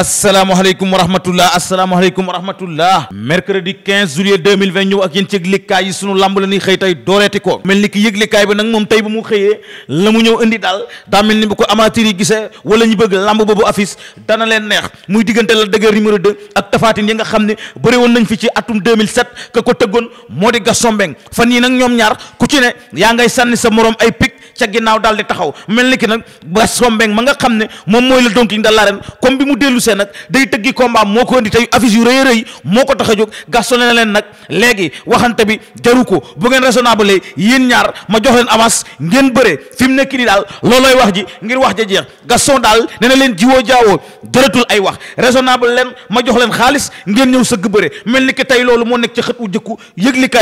asalaamaaleykum wa rahmatullah asalaamaaleykum wa rahmatullah mercredi 15 juillet 2020 ñëw ak yéen ci yëglikaay yi sunu lamb la xëy tey dooreeti ko mel ni ki yëglikaay bi nag moom tey bu mu xëyee la mu ñëw indi daal daa mel ni bu ko amateur yi gisee wala ñu bëgg lamb boobu affiche dana leen neex muy diggante la dëgër numéro ak tafaatin yi nga xam ne bëri woon nañ fi ci atum ka ko tëggoon moo di Gaston fan yii nag ñoom ñaar ku ci ne yaa ngay sànni sa morom ay pik ca ginnaaw daal di taxaw mel ni ki nag Gaston Mbengue ma nga xam ne moom mooy la Don King de comme bi mu dellu see nag day tëggi combat moo ko indi tey affiche yu rëy rëy moo ko tax a jóg Gaston ne leen nag léegi waxante bi jaru ko bu ngeen raisonnable yéen ñaar ma jox leen avance ngeen bëre fi mu nekk nii daal loolooy wax ji ngir wax ja jeex Gaston daal nee leen jiwoo jaawoo jëratul ay wax raisonnable leen ma jox leen xaalis ngeen ñëw sëgg bëre mel ni ki tey loolu moo nekk ci xët u jëkku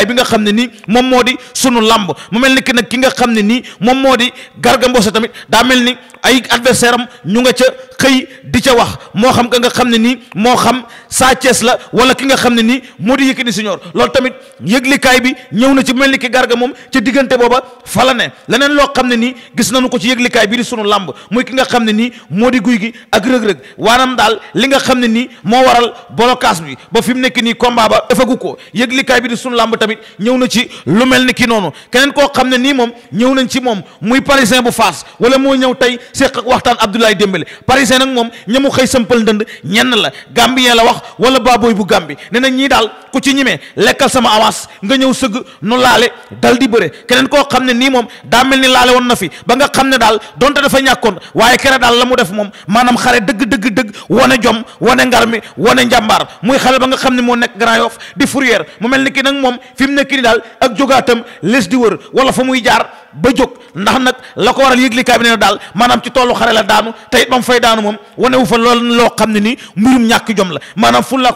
bi nga xam ne nii moom moo di sunu làmb mu mel ni nag ki nga xam ne nii moom moo di Garga Mbossé tamit daa mel ni ay adversaire am ñu nga ca xëy di ca wax moo xam ka nga xam ne nii moo xam Sa Thiès la wala ki nga xam ne nii moo di Yékini Senior loolu tamit yëglikaay bi ñëw na ci mel ni ki garga moom ca diggante booba fa ne leneen loo xam ne nii gis nañu ko ci yëglikaay bi di sunu làmb muy ki nga xam ne nii moo di guy gi ak rëg-rëg waanam daal li nga xam ne nii moo waral blocage bi ba fi mu nekk nii combat ba defagu ko yëglikaay bi di sunu làmb tamit ñëw na ci lu mel ni ki noonu keneen koo xam ne nii moom ñëw nañ ci moom muy parisien bu faas wala moo ñëw tey séq ak waxtaan Abdoulaye Dembélé parisien nag moom ñamu xëy sampal ndënd ñenn la gambien la wax wala baabooy bu gambi ne na ñii daal ku ci ñimee lekkal sama avance nga ñëw sëgg nu laale dal di bëre keneen koo xam ne nii moom daa mel ni laale woon na fi ba nga xam ne daal donte dafa ñàkkoon waaye keneen daal la mu def moom maanaam xare dëgg dëgg dëgg wane jom wane ngar mi wane njàmbaar muy xale ba nga xam ne moo nekk Grand Yoff di Fourrière mu mel ni ki nag moom fi mu nekk daal ak jógaatam les di wër wala fa muy jaar ba jóg ndax nag la ko waral yëglikaay bi nee na daal maanaam ci tollu xare la daanu te it bam fay daanu moom wane wu fa lool loo xam ne nii mbirum ñàkk la maanaam fulla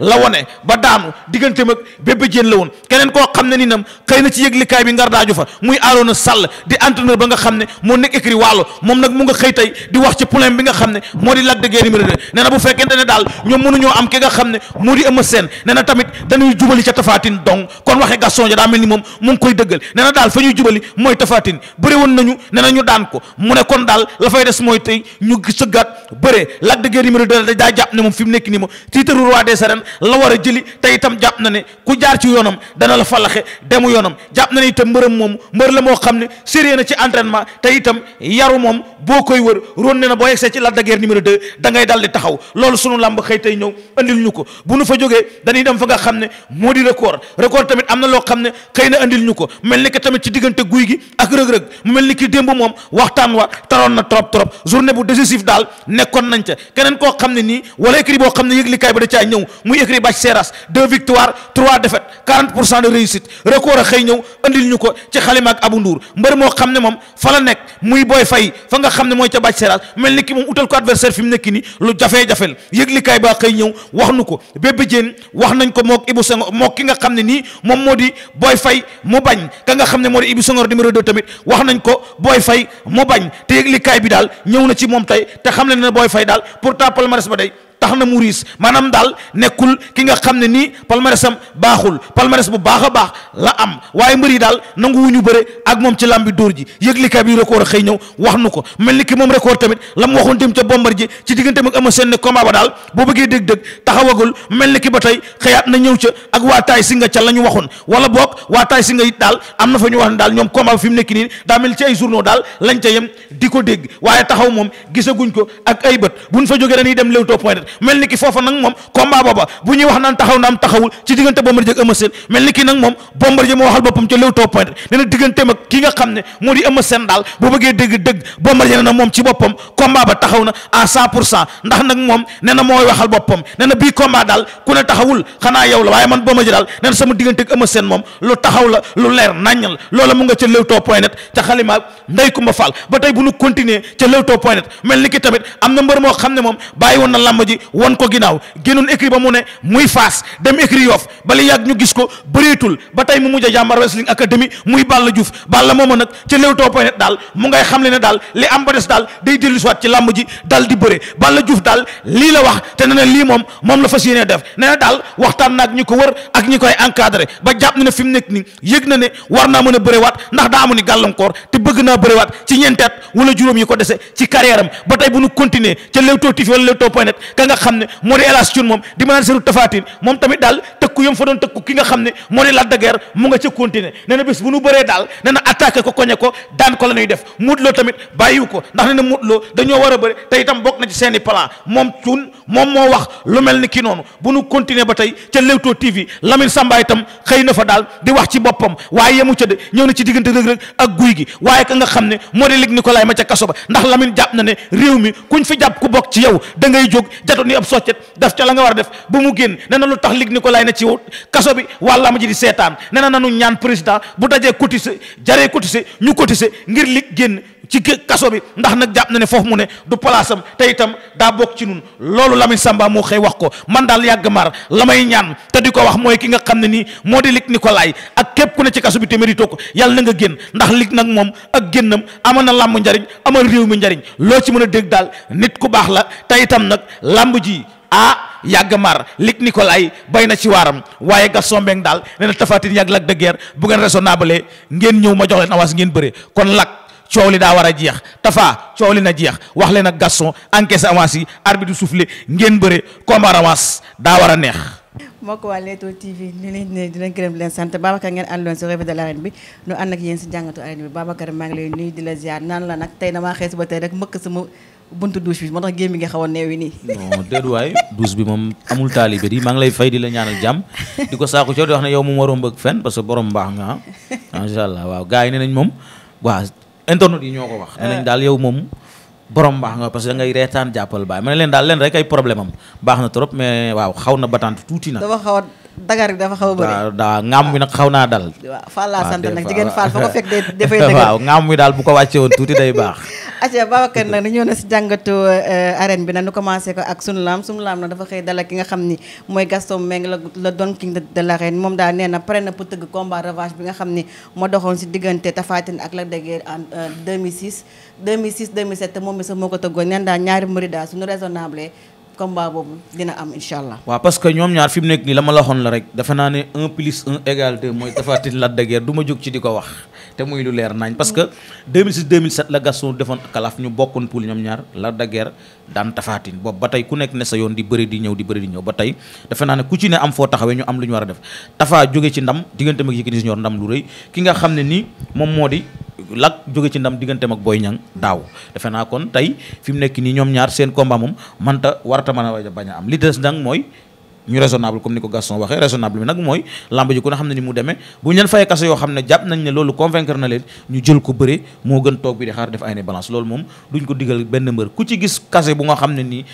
la wane ba daanu diggante mag bébé jéen la keneen koo xam ne nii nam na ci yëglikaay bi ngar daaju fa Sall di entraîneur ba nga xam ne moo nekk écrit wàllu moom nag mu nga xëy tey wax ci problème xam ne moo di Lac de Guiers numéro 2 nee na ne daal ñoom mënuñoo am ki nga xam ne moo di Eumeu Sène tamit dañuy jubali ca Tapha Tine dong moom mu ngi koy dëggal nee na daal fa ñuy jubali mooy mooy tafaatin bëri woon nañu ne nañu daan ko mu ne kon daal la fay des mooy tey ñu sëggaat bëre Lac de Guiers numéro 2 daa jàpp ne moom fi mu nekk nii moom tiitaru roi des arènes la war a jëli te itam jàpp na ne ku jaar ci yoonam dana la falaxe demu yoonam jàpp na ne itam mbërëm moom mbër la moo xam ne sérieux na ci entraînement tey itam yaru moom boo koy wër ron ne na boo yegsee ci Lac de Guiers numéro 2 da ngay dal di taxaw loolu sunu làmb xëy tey ñëw andil ñu ko bu nu fa jógee dañuy dem fa nga xam ne moo di record record tamit am na loo xam ne xëy na andil ko mel ni que tamit ci diggante guy gi ak rëg-rëg mu mel ni ki démb moom waxtaan wa taroon na trop trop journée bu décisif daal nekkoon nañ ca keneen koo xam ne nii wala écrit boo xam ne yëglikaay ba da ñëw muy écrit bàcc seeras deux victoires trois défaites quarante pour cent record a xëy ñëw andil ñu ko ci xalima abu nduur mbër moo xam ne moom fa la nekk muy booy fay fa nga xam ne mooy ca bàcc seeras mel ni ki moom utal ko adversaire fi nekk nii lu jafee-jafe la yëglikaay xëy tëddoo tamit wax nañ ko booy fay mu bañ te yëglikaay bi daal ñëw na ci moom tey te xam ne ne booy fay daal pour pourtant palmarès ba day tax na mu riis maanaam daal nekkul ki nga xam ne nii palmarès am baaxul palmarès bu baax a baax la am waaye mbër yi daal nangu ñu bëre ak moom ci làmbi dóor ji yëglikaay bi record xëy ñëw wax nu ko mel ni ki moom record tamit la mu waxoon dem ca Bombardier ci diggante ak Eumeu Sène ne combat ba daal boo bëggee dëgg-dëgg taxawagul mel ni ki ba tey xëyaat na ñëw ca ak waa taay si nga ca la ñu waxoon wala boog waa taay nga it daal am na fa ñu wax ne ñoom combat fi mu nekk nii daa mel ay journaux daal lañ ca yem di dégg waaye taxaw moom gisaguñ ko ak ay bët buñ fa jógee dañuy dem Leewtoo point mel ni ki foofa nag moom combat booba bu ñuy wax naan taxaw na am taxawul ci diggante Bombardier ak Eumeu Sène mel ni ki nag moom Bombardier moo waxal boppam ca Leewtoo point ne na digganteem ak nga xam ne moo di Eumeu Sène daal bu bëggee dëgg dëgg Bombardier ne moom ci boppam combat ba taxaw na à cent pour cent ndax nag moom ne mooy waxal boppam ne bii combat daal ku ne taxawul xanaa yow la waaye man Bombardier daal ne na sama diggante ak Eumeu moo gi won ko ginnaaw génnoon écrit ba mu ne muy faas dem écrit yoof bala yàgg ñu gis ko bëreetul ba tey mu mujj a jàmbar wrestling academy muy Balla Diouf Balla mooma nag ci Leewtoo point net daal mu ngay xam le ne daal li am ba des daal day dellu siwaat ci làmb ji dal di bëre Balla Diouf daal lii la wax te ne na lii moom moom la fas yéenee def nee na daal waxtaan naag ñi ko wër ak ñi koy encadré ba jàpp na ne fi mu nekk ni yëg na ne war naa mën a bërewaat ndax daa amu ni gàllankoor te bëgg naa bërewaat ci ñeenteet ko dese ci carrière am ba tey bu nga xam ne moo di El Hadj Thioune moom di ma naan seeru tafaatin moom tamit daal tëkku yom fa doon tëkku ki nga xam ne moo di Lac de mu nga ca continuer nee na bés bu nu bëree daal nee na attaqué ko koñe ko daan ko la ñuy def Modou tamit bàyyiwu ko ndax nee na Modou dañoo war a bëri te itam bokk na ci seen i moom Thioune moom moo wax lu mel ni ki noonu bu nu continuer ba tey ca Leewtoo TV Lamine Samba itam xëy na fa daal di wax ci boppam waaye yemu ca de ñëw na ci diggante Reug Reug ak guy gi waaye ka nga xam moo di lig Nicolas ma ca kaso ba ndax Lamine jàpp na ne réew mi kuñ fi jàpp seetu ni ab soccet def ca la nga war a def ba mu génn nee na lu tax lig ni ko lay na ci kaso bi wàlla ma ji di seetaan nee na nanu ñaan président bu dajee cotiser jaree cotiser ñu cotiser ngir lig génn ci kaso bi ndax nag jàpp na ne foofu mu ne du palaasam te itam daa bokk ci nun loolu Lamine Samba moo xëy wax ko man daal yàgg maar la may ñaan te di ko wax mooy ki nga xam ne nii moo di lig Nikolaay ak képp ku ne ci kaso bi te ko yàlla na nga génn ndax lig nag moom ak génnam ama na làmb njariñ amal réew mi njariñ loo ci mën a dégg daal nit ku baax la te itam nag làmb ji ah yàgg mar lig Nikolaay bay na ci waaram waaye Gaston Mbengue daal nee na Tapha Tine yàgg Lac de bu ngeen raisonnable ngeen ñëw ma jox leen avance ngeen bëre kon Lac coow li daa war a jeex Tafa coow li na jeex wax leen ak Gaston encaisse avance yi ar arbitre soufflé ngeen bëre combat avance daa war a neex. moo ko waa Leewtoo TV di dina gërëm di leen sant Babacar ngeen àndoon si revue si jàngatu arène bi maa ngi lay nuyu di la ziar naan la nag tey damaa xees ba tey rek mbëkk sama buntu mi nga xaw a neewi nii. non déedéet waay douche moom amul taalibe di maa ngi lay fay di la ñaanal jàmm ko saako coow wax ne yow moom waroo mbëgg fenn parce que borom baax ah. waaw gars yi nee nañ moom waa internet yi ñoo ko wax. nee daal yow moom borom baax nga parce que da ngay reetaan jàppal baay ma ne leen daal leen rek ay problème am baax na trop mais waaw xaw na batante tuuti na. dafa xaw dagar bi dafa xaw a bëri waaw ngaam bi nag xaw naa dal waaw Fall laa ah, sant nag jigéen Fall fa ko fekk de dafay dëgër ngaam bi daal bu ko wàcce woon tuuti day baax acca Babacar nag ñëw na si jàngatu euh, arène bi nag nu commencé ko ak sunu laam sunu laam nag dafa xëy dala ki nga xam ni mooy Gaston Mbengue la moom daal nee na pare na pour tëgg bi nga xam ni moo doxoon si diggante Tapha Tine ak Lac de Guiers en 2006 2006 2007 moom mi sax moo ko tëggoon neen daal ñaari combat boobu dina am incha allah. waaw parce que ñoom ñaar fi mu nekk nii la ma la la rek defe naa ne un plus un égal deux mooy Tapha Tine Lac de ma jóg ci di ko wax. te muy lu leer naañ parce que 2006 2007 la Gaston defoon kalaaf ñu bokkoon poul ñoom ñaar la daguerre daan tafaatin boobu ba tey ku nekk ne sa yoon di bëri di ñëw di bëri di ñëw ba tey defe naa ne ku ci ne am foo taxawee ñu am lu ñu war a def tafaa jóge ci ndam diggante mag Yékini Junior ndam lu rëy ki nga xam ne nii moom moo di lak jóge ci ndam digganteem ak Boy Niang daaw defe naa kon tey fi mu nekk nii ñoom ñaar seen combat moom manta warata mën a bañ a am li des mooy ñu raisonnable comme ni ko Gaston waxee raisonnable bi nag mooy lamb ji ku ne xam ne ni mu demee bu ñu leen fayee kaso yoo xam ne jàpp nañ ne loolu convaincre na leen ñu jël ko bëre moo gën toog bi di xaar def ay ne balance loolu moom duñ ko digal benn mbër ku ci gis kase bu nga xam ne nii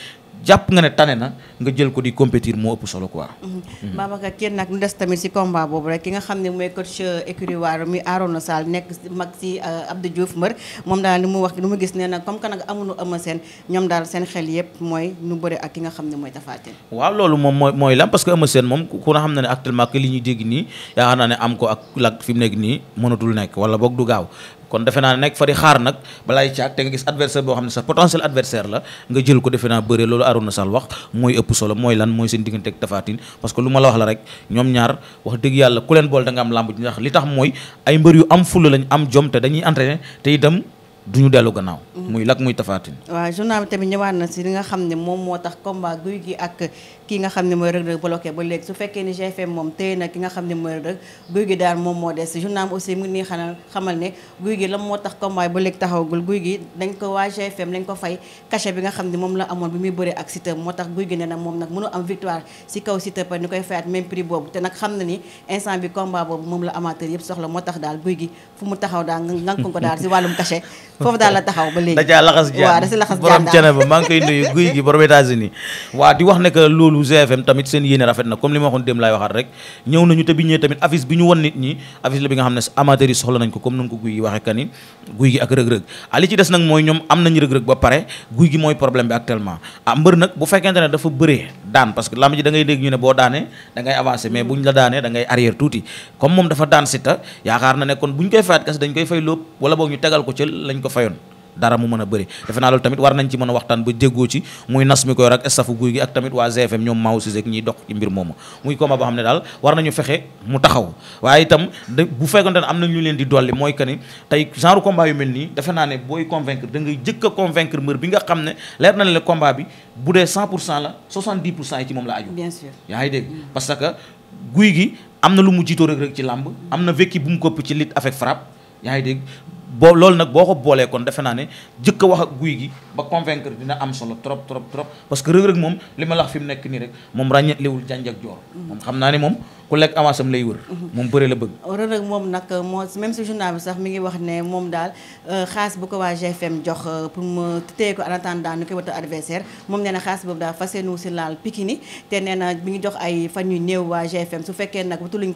jàpp nga ne tane na nga jël ko di compétir moo ëpp solo ko quoi. Mhm. Babacar Dieng nag ñu des tamit si combat boobu rek ki nga xam ne mooy coach écurie Waar mi Arona Sall nekk mag si euh, Abdou Diouf mbër moom daal li mu wax li mu gis nee na comme que nag amuñu ëmb seen ñoom daal seen xel yëpp mooy nu bëre ak ki nga xam ne mooy Tapha waaw loolu moom mooy mooy lan parce que ëmb seen moom ku na xam ne ne actuellement que li ñuy dégg nii yaakaar naa ne am ko ak lak fi mu nekk nii mënatul nekk wala boog du gaaw kon defe naa nekk fa di xaar nag balaay caag te nga gis adversaire boo xam ne sa potentiel adversaire la nga jël ko defe naa bëre loolu Arouna Sall wax mooy ëpp solo mooy lan mooy seen diggante ak Tafatine parce que lu ma la wax la rek ñoom ñaar wax dëgg yàlla ku leen bool da nga am làmb ji ndax li tax mooy ay mbër yu am fulla lañ am jom te dañuy entraîné te itam du duñu dellu gannaaw. muy Lac muy Tapha waa waaw journal bi tamit ñëwaat na si li nga xam ne moom moo tax combat guy gi ak kii nga xam ne mooy Reug Reug ba léegi su fekkee ni GFM moom téye na ki nga xam ne mooy Reug Reug guy moom moo des journal aussi mu ngi xanal xamal ne guy gi la tax combat ba léegi taxawagul guy gi dañ ko waa GFM lañ ko fay cachet bi nga xam ne moom la amoon bi muy bëree ak Siteu moo tax guy gi ne moom nag mënu am victoire si kaw Siteu par ni koy fayaat même boobu te nag xam na ni instant bi combat boobu moom la amateur yëpp soxla moo tax daal guy gi fu mu taxaw daal ngan ko daal si wàllum cachet foofu daal la taxaw ba léegi da laxas jaan waaw cene ba maa ngi koy nuyu guy gi borom États-Unis waaw di wax ne loolu GFM tamit seen yéene rafet na comme li ma waxoon démb laay waxaat rek ñëw nañu te bi ñëwee nit ñi affiche la bi nga xam ne amateurs soxla nañ ko comme nunu ko guy gi waxee kani guy gi ak rëg-rëg ah ci des nag mooy ñoom am nañ rëg-rëg ba pare guy gi mooy problème bi actuellement ah mbër nag bu fekkente ne dafa bëree daan parce ko fayoon dara mu mën a bëri defe naa loolu tamit war nañ ci mën a waxtaan ba déggoo ci muy nas mi koy rak staffu guy gi ak tamit waa GFM ñoom Maaou Cissé ak ñiy dox ci muy combat boo xam jëkk a convaincre bi nga xam ne leer na leen combat bi bu dee cent pour cent yi ci moom la aju bien dégg mm. parce que guy gi am na lu mu jiitoo rek rek ci làmb am na vekki bu mu kopp ci lit avec frappe yaa dégg boo lool nag boo ko boolee kon defe naa ne jëkk wax guy gi ba convaincre dina am solo trop trop trop parce que rëg-rëg moom li ma lax fi mu nekk nii rek moom ràññetlewul jànj ak joor mm. moom xam naa ne moom ku lekk avance am lay wër. Mhm. moom bëre la bëgg. rërëg moom nag euh, moo même si journal bi sax mi ngi wax ne moom daal euh, xaas bu ko waa GFM jox euh, pour mu téye ko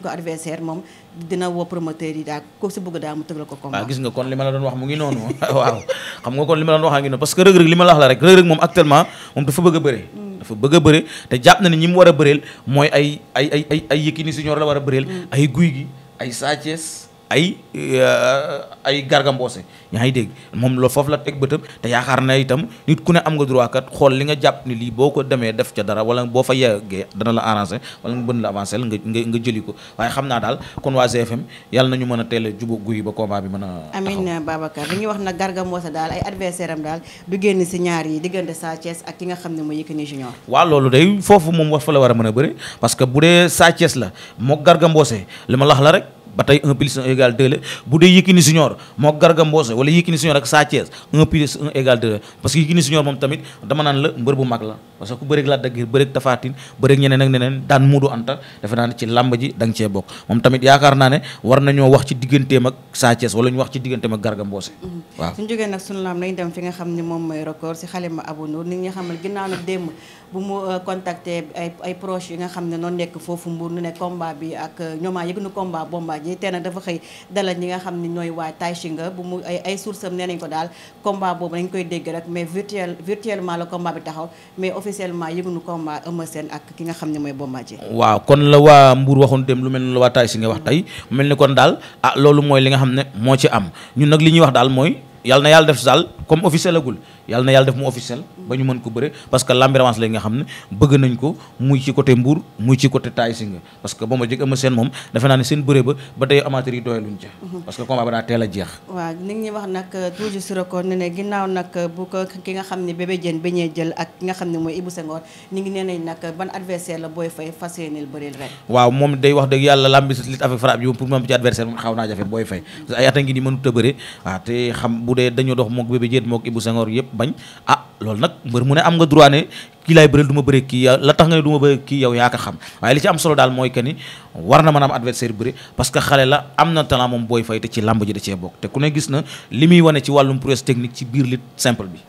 adversaire moom dina woo promoteur yi daal ko si bëgg daal mu tëggal ko combat. gis nga kon li ma la doon wax mu ngi noonu waaw xam nga kon li ma la doon wax a ngi noonu parce que rëg-rëg li ma la wax la rek rëg-rëg moom actuellement moom dafa bëgg bëre mm. dafa bëgg a bëre te jàpp na ne ñi mu war a bëreel mooy ay ay ay ay ay Yékini Senior la war a bëreel mm. ay Gouye Gui ay Sa ay eh, ay Garga Mbossé yaa ngi dégg moom la foofu la teg bëtam te yaakaar na itam nit ku ne am nga droit kat xool li nga jàpp ni lii boo ko demee def ca dara wala boo fa yeggee dana la arranger wala nga bën la avancer nga nga nga jëli ko waaye xam naa daal kon waa GFM yàlla ñu mën a teel a jubóo guy ba combat bi mën a. amiin Babacar li ñuy wax na Garga Mbossé daal ay adversaire am daal du génn si ñaar yi diggante Sa Thiès ak ki nga xam ne mooy Yékini Junior. waaw loolu day foofu moom wax fa la war a mën a bëri parce que bu dee Sa la moog Garga li ma lax la rek ba tey 1 plus 1 égale 2 bu dee Yékini Junior moo Garga Mbossé wala Yékini Junior ak Sa Thiès 1 plus 1 égale parce que Yékini Junior moom tamit dama la mbër bu mag la parce que ku bëreeg Lac de Guiers bëreeg Tapha ñeneen ak ñeneen daan Modou Anta defe naa ne ci làmb ji da nga bokk moom tamit yaakaar naa ne war nañoo wax ci digganteem ak Sa Thiès ñu wax ci digganteem ak Garga Mbossé mm-hmm. waaw nag suñu laam lañ xam ne moom bu mu euh, contacter ay ay proches yi nga xam ne noonu nekk foofu Mbour nu ne combat bi ak euh, ñooma yëg nu combat bomba ji tey nag dafa xëy dalal ñi nga xam ne nooy waa Taïchinga bu mu ay ay sources am ko daal combat boobu dañ koy dégg rek mais virtuel virtuellement la combat bi taxaw mais officiellement yëg nu combat Eumeu Sène ak ki nga xam ne mooy bomba ji. waaw kon la waa Mbour waxoon dem lu mel ni la waa nga wax tey mel ni kon daal ah loolu mooy li nga xam ne moo ci am ñun nag li ñuy wax daal mooy. yàlla na yàlla def saal comme officiel agul yàlla na yàlla def mu officiel ba ñu mën ko bëre parce que l'ambulance la nga xam ne bëgg nañ ko muy ci côté Mbour muy ci côté Tay Singa parce que ba ma jëg ama seen moom defe naa ne seen bëre ba ba tey amateur yi doyaluñ ca mhm. parce que combat ba daa teel a jeex waaw ni ngi wax nag euh, toujours sur record ne ne ginnaaw euh, ngi nee nañ ban adversaire la booy fay fas yéeneel bëreel rek waaw moom day wax dëgg yàlla dee dañoo dox mook bébé jéet mook Ibou Senghor yëpp bañ ah loolu nag mbër mu ne am nga droit ne kii laay bëreel du ma bëree kii la tax nga ne du ma kii yow yaa ko xam waaye li ci am solo daal mooy que ni war na mën a am adversaire bëri parce que xale la am na talent moom booy fay te ci làmb ji da cee bokk te ku ne gis na li muy wane ci wàllum prouesse technique ci biir lit simple bi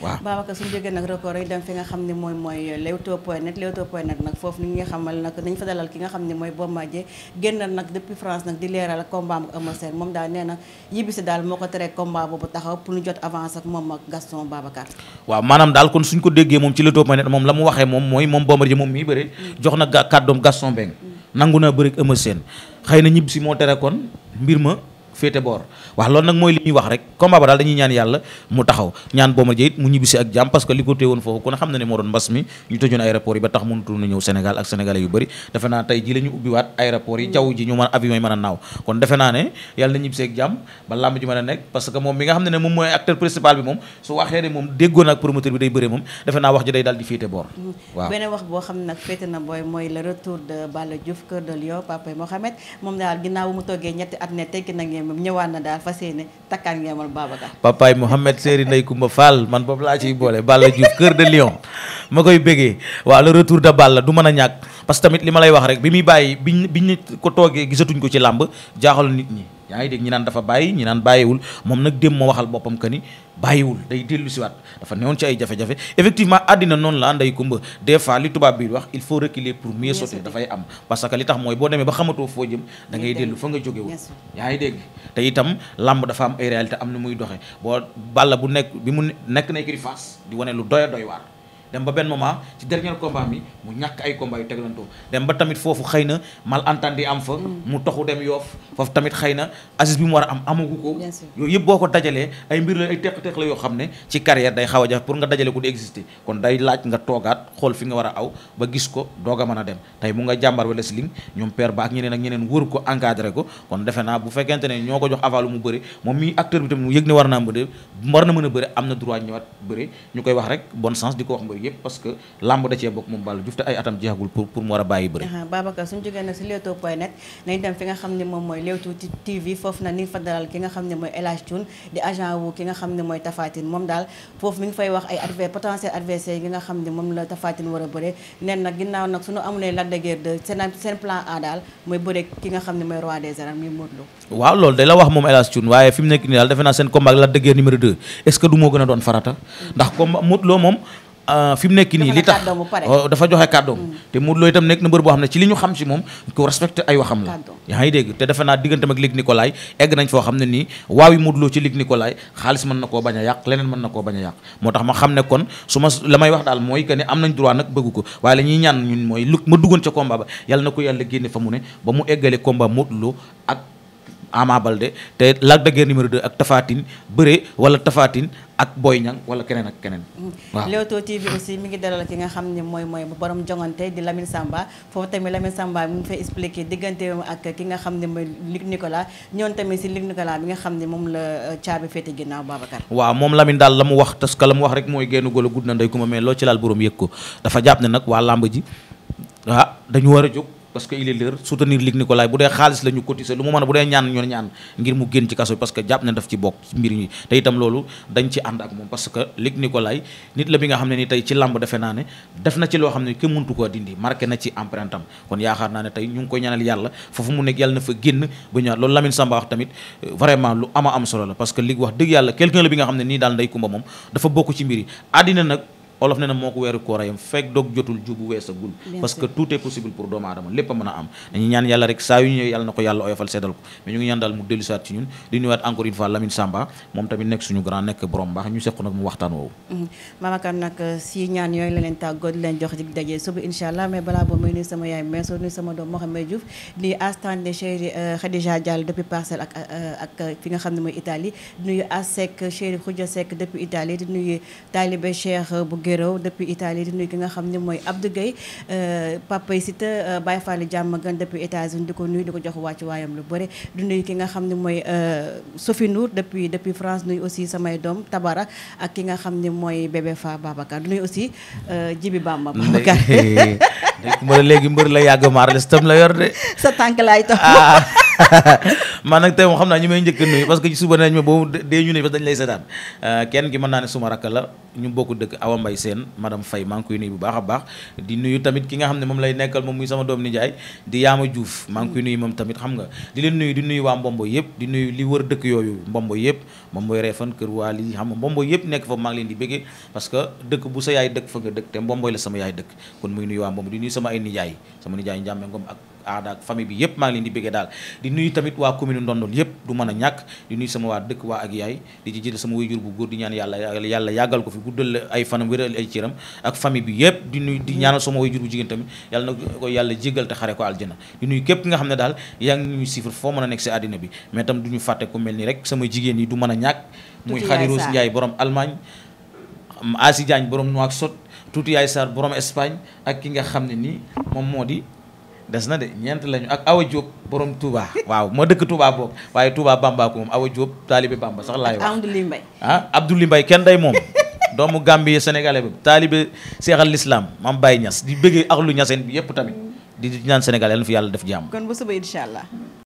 waaw Babacar suñu jógee nag record yi dem fi nga xam ne mooy mooy Leewtoo point net Leewtoo point net nag foofu ni nga xamal nag nañ fa dalal ki nga xam ne mooy Bombardier génnal nag depuis France nag di leeral combat am ak Eumeu Sène moom daal nee na yibbisi daal moo ko tere combat boobu taxaw pour ñu jot avance ak moom ak Gaston Babacar waaw maanaam daal kon suñ ko déggee moom ci Leewtoo point net moom la mu waxee moom mooy moom Bombardier moom mii bëri jox na kàddoom Gaston Mbengue mm. nangu naa bëri ak Eumeu Sène xëy na ñibbisi moo tere kon mbir ma féete boor wax loolu nag mooy li ñuy wax rek combat ba daal dañuy ñaan yàlla mu taxaw ñaan Bombardier it mu ñibbisi ak jàmm parce que li ko téye woon foofu ku ne xam na ne moo doon mbas mi ñu tëjoon aéroport yi ba tax mënutu na ñëw Sénégal ak sénégalais yu bëri defe naa tey ji la ñu ubbiwaat aéroport yi jaww ji ñu mën avion yi mën a naaw kon defe naa ne yàlla na ñibbisi ak jàmm ba làmb ji mën a nekk parce que moom mi nga xam ne ne mooy acteur principal ngémbam ñëwaat na daal fas yéene takkaat ngémbal Babacar papaay Mouhamed Séri Ndey Kumba Fall man boobu laa ciy boole Balla Diouf Cœur de Lion ma koy bëggee waaw le retour de Balla du mën a ñàkk parce que tamit li ma lay wax rek bi muy bàyyi biñ biñ ko toogee gisatuñ ko ci làmb jaaxal nit ñi yaa ngi dégg ñi naan dafa bàyyi ñi naan bàyyiwul moom nag dem moo waxal boppam que ni bàyyiwul day dellu si waat dafa newoon ci ay jafe-jafe effectivement àddina noonu la nday kumba des fois li tubaab bi wax il faut reculer pour mieux sauter dafay am parce que li tax mooy boo demee ba xamatoo foo jëm da ngay dellu fa nga jógewul yaa ngi dégg te itam làmb dafa am ay réalité am na muy doxe boo balla bu nekk bi mu nekk na écurie di wane lu doy doy waar dem ba benn moment ci dernier combat bi mu ñàkk ay combat yu teglantoo dem ba tamit foofu xëy na malentendu am fa mm. mu taxu dem yoof foofu tamit xëy na assise bi mu war a am amagu ko yooyu yëpp boo ko dajalee ay mbir la ay teq-teq la yoo xam ne ci carrière day xaw a jafe pour nga dajale ko di exister kon day laaj nga toogaat xool fi nga war a aw ba gis ko doog a mën a dem tey mu nga jàmbar wala si ling ñoom père ba ak ñeneen ak ñeneen wër ko encadré ko kon defe naa bu fekkente ne ñoo ko jox avalu mu bëri moom mi acteur bi tamit mu war naa mbëre war na a bëri am na droit ñëwaat bëri ñu koy wax rek bon sens di ko yëpp parce que làmb da cee moom Balla Diouf ay atam jeexagul pour mu war a bàyyi bëri Babacar suñu jógee nag si Leewtoo point net nañ fi nga xam ne moom mooy Leewtoo TV foofu na ni fa dalal ki nga xam ne moom la Tapha war a bëre nen nag ginnaaw nag suñu amulee Lac de Guiers 2 seen plan A daal mooy bëre ki nga xam ne mooy roi des arènes muy Modou waaw loolu day la wax moom El Hadj Thioune seen combat Lac de Guiers numéro 2 est-ce que du moo gën a doon Euh, fi mu nekk nii li tax oh, dafa joxe kàddoom mm. te Modou Lo itam nekk na mbër boo xam ne ci li ñu xam si moom ku respecté ay waxam la yaa ngi dégg te defe naa digganteem ak Luc Nicolaï egg nañ foo xam ne nii waawi Modou Lo ci Luc Nicolaï xaalis mën na koo bañ a yàq leneen mën na ko bañ a yàq moo tax ma xam ne kon su ma la may wax daal moo que ne am nañ droit nag bëgg ko waaye la ñuy ñaan ñun mooy lu ma duggoon ca combat ba yàlla na ko yàlla génne fa mu Ama Balde te Lac de Guiers numéro 2 ak Tafatine bëre wala Tafatine ak Boy Niang wala keneen ak keneen. Mm-hmm. waaw Leewtoo TV aussi mi ngi dalal ki nga xam ne mooy mooy borom jongante di Lamine Samba foofu tamit Lamine Samba mi expliqué diggante ak ki nga xam ne mooy Luc Nicolas ñoon tamit si Luc Nicolas mi nga xam ne moom la euh, caabi féete ginnaaw Babacar. waaw moom Lamine daal la mu wax tas que la mu wax rek mooy génn golo a gudd na ndey ku ma mais loo ci laal borom yëg ko dafa jàpp ne nag waa làmb ji ah, dañu war a jóg. parce que il est l'heure soutenir Luc Nicolaï bu dee xaalis la ñu cotiser lu mu mën a bu dee ñaan ñoo ñaan ngir mu génn ci kaso bi parce que jàpp ne daf ci bokk ci mbir ñi te itam loolu dañ ci ànd ak moom parce que Luc Nicolaï nit la bi nga xam ne ni tey ci làmb defe naa ne def na ci loo xam ne kenn mëntu koo dindi marqué na ci naa ne tey ñu ngi koy ñaanal yàlla foofu mu nekk yàlla na euh, vraiment lu ama am solo la parce que Luc wax dëgg yàlla quelqu'un la bi nga xam ne nii daal nday kumba moom dafa bokk ci mbir yi àddina nag olof ne na moo ko weeru koor a fekk doog jotul jubu weesagul parce que tout possible pour doomu aadama lépp a mën a am dañuy ñaan yàlla rek saa yu ñu yàlla na ko yàlla oyofal seddal ko mais ngi ñaan daal mu dellu saat ci ñun di nuyuwaat encore une fois Lamine Samba mm-hmm. nag euh, si ñaan yooyu la leen tàggoo di leen jox daje suba incha allah mais balaa boobu may nuyu sama yaay mais soo sama doom Mohamed Diouf di astande chéri euh, Khadija Diallo depuis parcelle ak euh, fi nga xam Guéraw depuis Italie di nuyu ki nga xam ne mooy Abdou Guèye euh, papa yi Siteu Baye Fall Diamaguène depuis États-Unis di ko nuyu di ko jox wàcc waayam lu bëri di ki nga xam ne mooy euh, Sophie Nour depuis depuis France nuyu aussi samay doom Tabara ak ki nga xam ni mooy bébé Fa Babacar di aussi euh, Jibi Bamba Babacar léegi mbër la yàgg maar les tam la yor de sa tànk laay topp ah. man nag tey moom xam naa ñu may njëkk nuyu parce que ci suba nañ ma boobu dee ñu ne parce dañ lay seetaan euh, kenn ki mën naa ne suma rakk la ñu bokk dëkk Awa Mbaye Sène madame Faye maa ngi koy nuyu bu baax a baax di nuyu tamit ki nga xam ne moom lay nekkal moom muy sama doom nijaay di Yaama Diouf maa ngi nuyu moom tamit xam nga di leen nuyu di nuyu waa Mbombo yëpp di nuyu li wër dëkk yooyu Mbombo yëpp Mbomboy Refane Kër Waali xam nga Mbombo yëpp nekk fa maa ngi leen di parce que dëkk bu sa yaay sama yaay dëkk kon muy nuyu waa Mbombo di nuyu sama ay nijaay sama nijaay Njàmme Ngom ak aada ak famille bi yëpp maa ngi leen di bëggee daal di nuyu tamit waa commune Ndondol yëpp du mën a ñàkk di nuyu sama waa dëkk waa ak yaay di ci jël sama wayjur bu góor di ñaan yàlla yàlla yàggal ko fi guddal ay fanam wéral ay cëram ak famille bi yëpp di nuyu di ñaanal sama wayjur bu jigéen tamit yàlla na ko yàlla jéggal te xare ko aljana di nuyu képp nga xam ne daal yaa ngi ñuy siifar foo mën a nekk si àddina bi mais tam du ñu fàtte ku mel ni rek sama jigéen a ñàkk muy Khady moo di des na de ñeent lañu ak Awa Diop boroom Touba waaw moo dëkk Touba boobu waaye Touba Bamba ko moom Awa Diop taalibe Bamba sax laay wax Abdoulaye Mbaye ah Abdoulaye Mbaye kenn day moom doomu Gambie sénégalais bi taalibe seexal l'islam mam Baye Niass di bëggee axlu ñaseen bi yëpp tamit di ñaan sénégalais yàlla na fi yàlla def jàmm kon bu allah